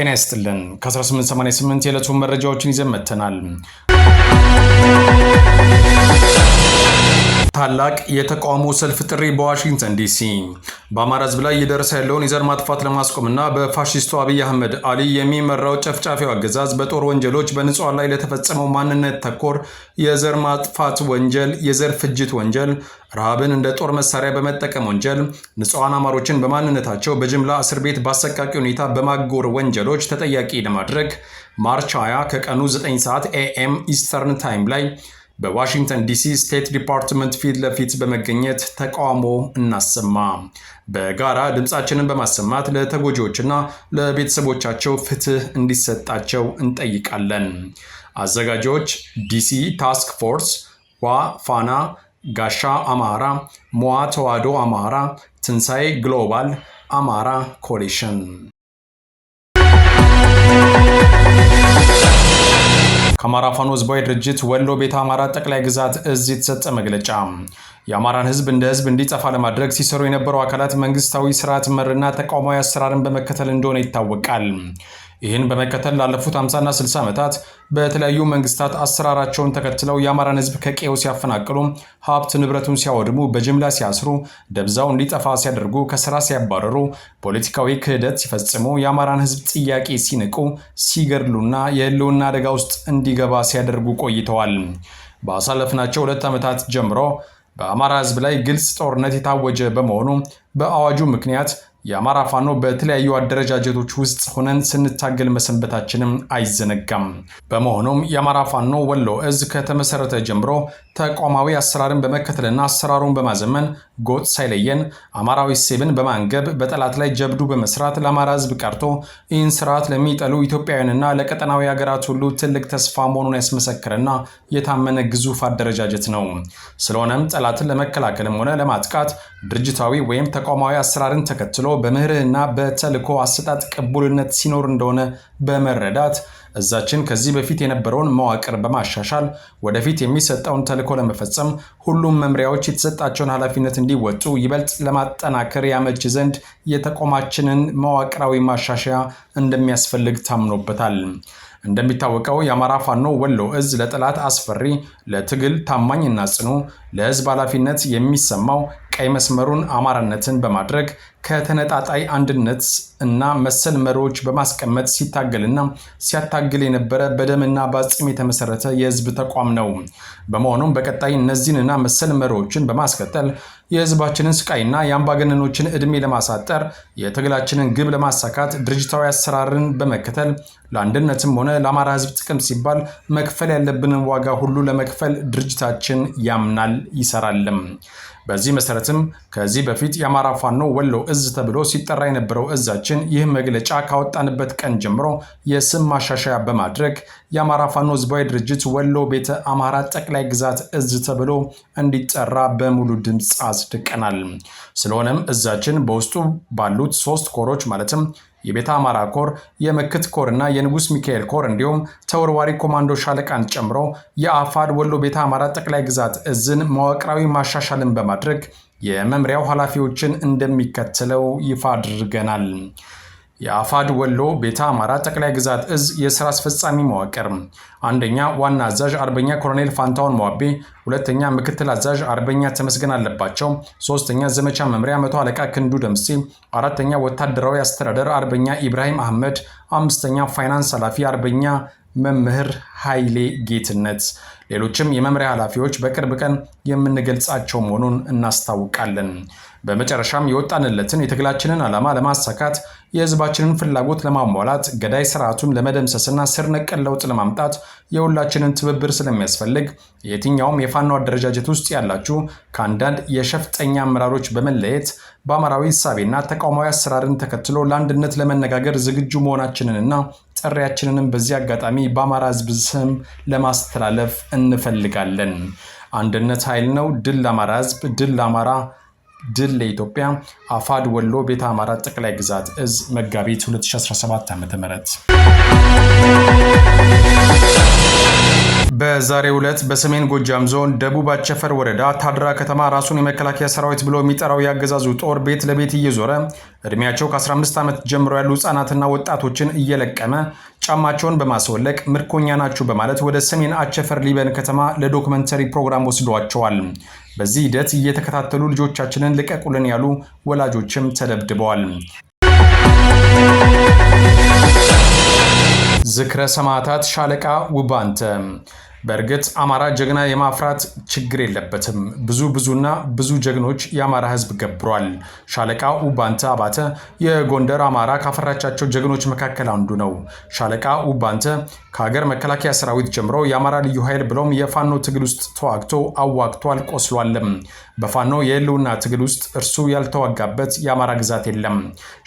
ጤና ይስጥልን። ከ1888 የዕለቱ መረጃዎችን ይዘን መጥተናል። ታላቅ የተቃውሞ ሰልፍ ጥሪ በዋሽንግተን ዲሲ። በአማራ ሕዝብ ላይ እየደረሰ ያለውን የዘር ማጥፋት ለማስቆምና በፋሺስቱ አብይ አህመድ አሊ የሚመራው ጨፍጫፊው አገዛዝ በጦር ወንጀሎች በንጹሐን ላይ ለተፈጸመው ማንነት ተኮር የዘር ማጥፋት ወንጀል፣ የዘር ፍጅት ወንጀል፣ ረሃብን እንደ ጦር መሳሪያ በመጠቀም ወንጀል፣ ንጹሐን አማሮችን በማንነታቸው በጅምላ እስር ቤት በአሰቃቂ ሁኔታ በማጎር ወንጀሎች ተጠያቂ ለማድረግ ማርች 20 ከቀኑ 9 ሰዓት ኤኤም ኢስተርን ታይም ላይ በዋሽንግተን ዲሲ ስቴት ዲፓርትመንት ፊት ለፊት በመገኘት ተቃውሞ እናሰማ። በጋራ ድምፃችንን በማሰማት ለተጎጂዎችና ለቤተሰቦቻቸው ፍትህ እንዲሰጣቸው እንጠይቃለን። አዘጋጆች ዲሲ ታስክ ፎርስ፣ ዋ ፋና፣ ጋሻ አማራ፣ ሞዋ ተዋዶ አማራ፣ ትንሣኤ ግሎባል አማራ ኮሊሽን አማራ ፋኖ ህዝባዊ ድርጅት ወሎ ቤተ አማራ ጠቅላይ ግዛት እዝ የተሰጠ መግለጫ የአማራን ህዝብ እንደ ህዝብ እንዲጠፋ ለማድረግ ሲሰሩ የነበሩ አካላት መንግስታዊ ስርዓት መርና ተቃውማዊ አሰራርን በመከተል እንደሆነ ይታወቃል። ይህን በመከተል ላለፉት 50ና 60 ዓመታት በተለያዩ መንግስታት አሰራራቸውን ተከትለው የአማራን ህዝብ ከቀው ሲያፈናቅሉ፣ ሀብት ንብረቱን ሲያወድሙ፣ በጅምላ ሲያስሩ፣ ደብዛው እንዲጠፋ ሲያደርጉ፣ ከስራ ሲያባረሩ፣ ፖለቲካዊ ክህደት ሲፈጽሙ፣ የአማራን ህዝብ ጥያቄ ሲንቁ፣ ሲገድሉና የህልውና አደጋ ውስጥ እንዲገባ ሲያደርጉ ቆይተዋል። ባሳለፍናቸው ሁለት ዓመታት ጀምሮ በአማራ ህዝብ ላይ ግልጽ ጦርነት የታወጀ በመሆኑ በአዋጁ ምክንያት የአማራ ፋኖ በተለያዩ አደረጃጀቶች ውስጥ ሆነን ስንታገል መሰንበታችንም አይዘነጋም። በመሆኑም የአማራ ፋኖ ወሎ እዝ ከተመሰረተ ጀምሮ ተቋማዊ አሰራርን በመከተልና አሰራሩን በማዘመን ጎጥ ሳይለየን አማራዊ ሴብን በማንገብ በጠላት ላይ ጀብዱ በመስራት ለአማራ ሕዝብ ቀርቶ ይህን ስርዓት ለሚጠሉ ኢትዮጵያውያንና ለቀጠናዊ ሀገራት ሁሉ ትልቅ ተስፋ መሆኑን ያስመሰከረና የታመነ ግዙፍ አደረጃጀት ነው። ስለሆነም ጠላትን ለመከላከልም ሆነ ለማጥቃት ድርጅታዊ ወይም ተቋማዊ አሰራርን ተከትሎ በምህርህና በተልእኮ አሰጣጥ ቅቡልነት ሲኖር እንደሆነ በመረዳት እዛችን ከዚህ በፊት የነበረውን መዋቅር በማሻሻል ወደፊት የሚሰጠውን ተልእኮ ለመፈጸም ሁሉም መምሪያዎች የተሰጣቸውን ኃላፊነት እንዲወጡ ይበልጥ ለማጠናከር ያመች ዘንድ የተቋማችንን መዋቅራዊ ማሻሻያ እንደሚያስፈልግ ታምኖበታል። እንደሚታወቀው የአማራ ፋኖ ወሎ እዝ ለጠላት አስፈሪ፣ ለትግል ታማኝና ጽኑ፣ ለህዝብ ኃላፊነት የሚሰማው ቀይ መስመሩን አማራነትን በማድረግ ከተነጣጣይ አንድነት እና መሰል መሪዎች በማስቀመጥ ሲታገልና ሲያታግል የነበረ በደምና በአጽም የተመሰረተ የህዝብ ተቋም ነው። በመሆኑም በቀጣይ እነዚህንና መሰል መሪዎችን በማስቀጠል የህዝባችንን ስቃይና የአምባገነኖችን ዕድሜ ለማሳጠር የትግላችንን ግብ ለማሳካት ድርጅታዊ አሰራርን በመከተል ለአንድነትም ሆነ ለአማራ ህዝብ ጥቅም ሲባል መክፈል ያለብንን ዋጋ ሁሉ ለመክፈል ድርጅታችን ያምናል ይሰራልም። በዚህ መሰረትም ከዚህ በፊት የአማራ ፋኖ ወሎ እዝ ተብሎ ሲጠራ የነበረው እዛችን ይህ መግለጫ ካወጣንበት ቀን ጀምሮ የስም ማሻሻያ በማድረግ የአማራ ፋኖ ህዝባዊ ድርጅት ወሎ ቤተ አማራ ጠቅላይ ግዛት እዝ ተብሎ እንዲጠራ በሙሉ ድምፅ አጽድቀናል። ስለሆነም እዛችን በውስጡ ባሉት ሶስት ኮሮች ማለትም የቤተ አማራ ኮር፣ የምክት ኮር እና የንጉስ ሚካኤል ኮር እንዲሁም ተወርዋሪ ኮማንዶ ሻለቃን ጨምሮ የአፋድ ወሎ ቤተ አማራ ጠቅላይ ግዛት እዝን መዋቅራዊ ማሻሻልን በማድረግ የመምሪያው ኃላፊዎችን እንደሚከተለው ይፋ አድርገናል። የአፋድ ወሎ ቤተ አማራ ጠቅላይ ግዛት እዝ የስራ አስፈጻሚ መዋቅር አንደኛ ዋና አዛዥ አርበኛ ኮሎኔል ፋንታውን መዋቤ፣ ሁለተኛ ምክትል አዛዥ አርበኛ ተመስገን አለባቸው፣ ሶስተኛ ዘመቻ መምሪያ መቶ አለቃ ክንዱ ደምሴ፣ አራተኛ ወታደራዊ አስተዳደር አርበኛ ኢብራሂም አህመድ፣ አምስተኛ ፋይናንስ ኃላፊ አርበኛ መምህር ኃይሌ ጌትነት፣ ሌሎችም የመምሪያ ኃላፊዎች በቅርብ ቀን የምንገልጻቸው መሆኑን እናስታውቃለን። በመጨረሻም የወጣንለትን የትግላችንን ዓላማ ለማሳካት የህዝባችንን ፍላጎት ለማሟላት ገዳይ ስርዓቱን ለመደምሰስና ስር ነቀል ለውጥ ለማምጣት የሁላችንን ትብብር ስለሚያስፈልግ የትኛውም የፋኖ አደረጃጀት ውስጥ ያላችሁ ከአንዳንድ የሸፍጠኛ አመራሮች በመለየት በአማራዊ እሳቤና ተቃውማዊ አሰራርን ተከትሎ ለአንድነት ለመነጋገር ዝግጁ መሆናችንንና ጥሪያችንንም በዚህ አጋጣሚ በአማራ ህዝብ ስም ለማስተላለፍ እንፈልጋለን። አንድነት ኃይል ነው። ድል ለአማራ ህዝብ፣ ድል ለአማራ፣ ድል ለኢትዮጵያ። አፋድ ወሎ ቤተ አማራ ጠቅላይ ግዛት እዝ መጋቢት 2017 ም በዛሬ ዕለት በሰሜን ጎጃም ዞን ደቡብ አቸፈር ወረዳ ታድራ ከተማ ራሱን የመከላከያ ሰራዊት ብሎ የሚጠራው ያገዛዙ ጦር ቤት ለቤት እየዞረ እድሜያቸው ከ15 ዓመት ጀምሮ ያሉ ህጻናትና ወጣቶችን እየለቀመ ጫማቸውን በማስወለቅ ምርኮኛ ናችሁ በማለት ወደ ሰሜን አቸፈር ሊበን ከተማ ለዶክመንተሪ ፕሮግራም ወስዷቸዋል። በዚህ ሂደት እየተከታተሉ ልጆቻችንን ልቀቁልን ያሉ ወላጆችም ተደብድበዋል። ዝክረ ሰማዕታት ሻለቃ ውባንተ በእርግጥ አማራ ጀግና የማፍራት ችግር የለበትም። ብዙ ብዙና ብዙ ጀግኖች የአማራ ሕዝብ ገብሯል። ሻለቃ ውባንተ አባተ የጎንደር አማራ ካፈራቻቸው ጀግኖች መካከል አንዱ ነው። ሻለቃ ውባንተ ከሀገር መከላከያ ሰራዊት ጀምሮ የአማራ ልዩ ኃይል ብሎም የፋኖ ትግል ውስጥ ተዋግቶ አዋግቷል፣ ቆስሏልም። በፋኖ የህልውና ትግል ውስጥ እርሱ ያልተዋጋበት የአማራ ግዛት የለም።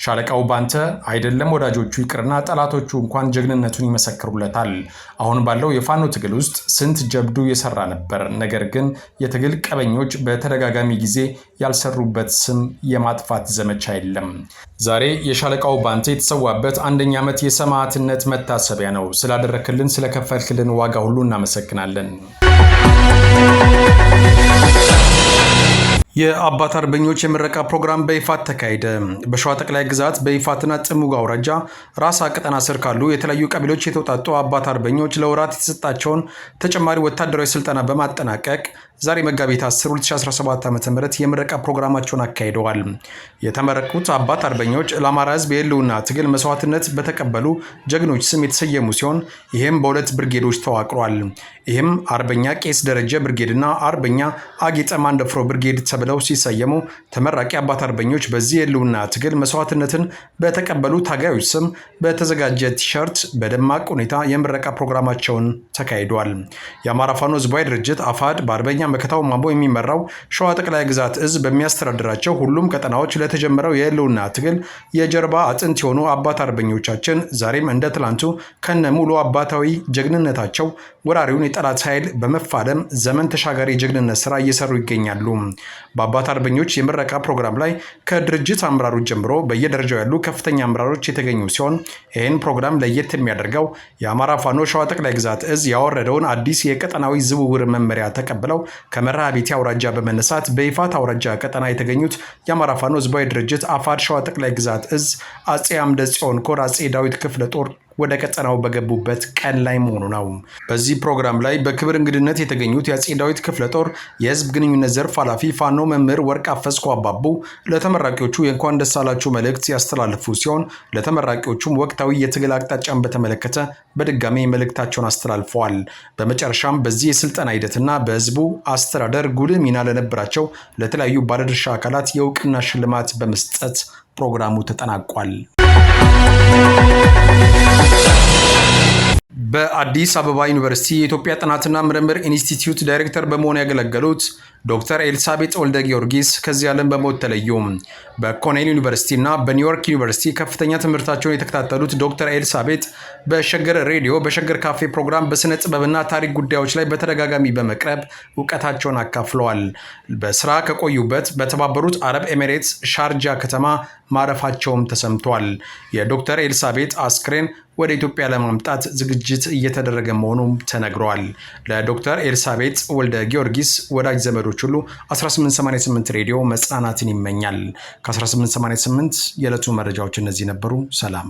ሻለቃው ባንተ አይደለም ወዳጆቹ ይቅርና ጠላቶቹ እንኳን ጀግንነቱን ይመሰክሩለታል። አሁን ባለው የፋኖ ትግል ውስጥ ስንት ጀብዱ የሰራ ነበር። ነገር ግን የትግል ቀበኞች በተደጋጋሚ ጊዜ ያልሰሩበት ስም የማጥፋት ዘመቻ የለም። ዛሬ የሻለቃው ባንተ የተሰዋበት አንደኛ ዓመት የሰማዕትነት መታሰቢያ ነው። ስላደረክልን፣ ስለከፈልክልን ዋጋ ሁሉ እናመሰግናለን። የአባት አርበኞች የምረቃ ፕሮግራም በይፋት ተካሄደ። በሸዋ ጠቅላይ ግዛት በይፋትና ጥሙጋ አውራጃ ራሳ ቀጠና ስር ካሉ የተለያዩ ቀበሌዎች የተውጣጡ አባት አርበኞች ለወራት የተሰጣቸውን ተጨማሪ ወታደራዊ ስልጠና በማጠናቀቅ ዛሬ መጋቢት 10 2017 ዓ.ም የምረቃ ፕሮግራማቸውን አካሂደዋል። የተመረቁት አባት አርበኞች ለአማራ ሕዝብ የህልውና ትግል መስዋዕትነት በተቀበሉ ጀግኖች ስም የተሰየሙ ሲሆን ይህም በሁለት ብርጌዶች ተዋቅሯል። ይህም አርበኛ ቄስ ደረጀ ብርጌድና አርበኛ አጌጠ ማንደፍሮ ብርጌድ ብለው ሲሰየሙ ተመራቂ አባት አርበኞች በዚህ የህልውና ትግል መስዋዕትነትን በተቀበሉ ታጋዮች ስም በተዘጋጀ ቲሸርት በደማቅ ሁኔታ የምረቃ ፕሮግራማቸውን ተካሂዷል። የአማራ ፋኖ ህዝባዊ ድርጅት አፋድ በአርበኛ መከታው ማሞ የሚመራው ሸዋ ጠቅላይ ግዛት እዝ በሚያስተዳድራቸው ሁሉም ቀጠናዎች ለተጀመረው የህልውና ትግል የጀርባ አጥንት የሆኑ አባት አርበኞቻችን ዛሬም እንደ ትላንቱ ከነ ሙሉ አባታዊ ጀግንነታቸው ወራሪውን የጠላት ኃይል በመፋለም ዘመን ተሻጋሪ የጀግንነት ስራ እየሰሩ ይገኛሉ። በአባት አርበኞች የምረቃ ፕሮግራም ላይ ከድርጅት አመራሮች ጀምሮ በየደረጃው ያሉ ከፍተኛ አመራሮች የተገኙ ሲሆን ይህን ፕሮግራም ለየት የሚያደርገው የአማራ ፋኖ ሸዋ ጠቅላይ ግዛት እዝ ያወረደውን አዲስ የቀጠናዊ ዝውውር መመሪያ ተቀብለው ከመርሃቤቴ አውራጃ በመነሳት በይፋት አውራጃ ቀጠና የተገኙት የአማራ ፋኖ ህዝባዊ ድርጅት አፋድ ሸዋ ጠቅላይ ግዛት እዝ አጼ አምደ ጽዮን ኮር አጼ ዳዊት ክፍለ ጦር ወደ ቀጠናው በገቡበት ቀን ላይ መሆኑ ነው። በዚህ ፕሮግራም ላይ በክብር እንግድነት የተገኙት የአፄ ዳዊት ክፍለ ጦር የህዝብ ግንኙነት ዘርፍ ኃላፊ ፋኖ መምህር ወርቅ አፈስኮ አባቡ ለተመራቂዎቹ የእንኳን ደስ አላችሁ መልእክት ያስተላለፉ ሲሆን ለተመራቂዎቹም ወቅታዊ የትግል አቅጣጫን በተመለከተ በድጋሚ መልእክታቸውን አስተላልፈዋል። በመጨረሻም በዚህ የስልጠና ሂደትና በህዝቡ አስተዳደር ጉልህ ሚና ለነበራቸው ለተለያዩ ባለድርሻ አካላት የእውቅና ሽልማት በመስጠት ፕሮግራሙ ተጠናቋል። በአዲስ አበባ ዩኒቨርሲቲ የኢትዮጵያ ጥናትና ምርምር ኢንስቲትዩት ዳይሬክተር በመሆን ያገለገሉት ዶክተር ኤልሳቤጥ ወልደ ጊዮርጊስ ከዚህ ዓለም በሞት ተለዩ። በኮኔል ዩኒቨርሲቲ እና በኒውዮርክ ዩኒቨርሲቲ ከፍተኛ ትምህርታቸውን የተከታተሉት ዶክተር ኤልሳቤጥ በሸገር ሬዲዮ በሸገር ካፌ ፕሮግራም በሥነ ጥበብና ታሪክ ጉዳዮች ላይ በተደጋጋሚ በመቅረብ እውቀታቸውን አካፍለዋል። በስራ ከቆዩበት በተባበሩት አረብ ኤሜሬትስ ሻርጃ ከተማ ማረፋቸውም ተሰምቷል። የዶክተር ኤልሳቤጥ አስክሬን ወደ ኢትዮጵያ ለማምጣት ዝግጅት እየተደረገ መሆኑም ተነግረዋል። ለዶክተር ኤልሳቤጥ ወልደ ጊዮርጊስ ወዳጅ ዘመዶች ሁሉ 1888 ሬዲዮ መጽናናትን ይመኛል። ከ1888 የዕለቱ መረጃዎች እነዚህ ነበሩ። ሰላም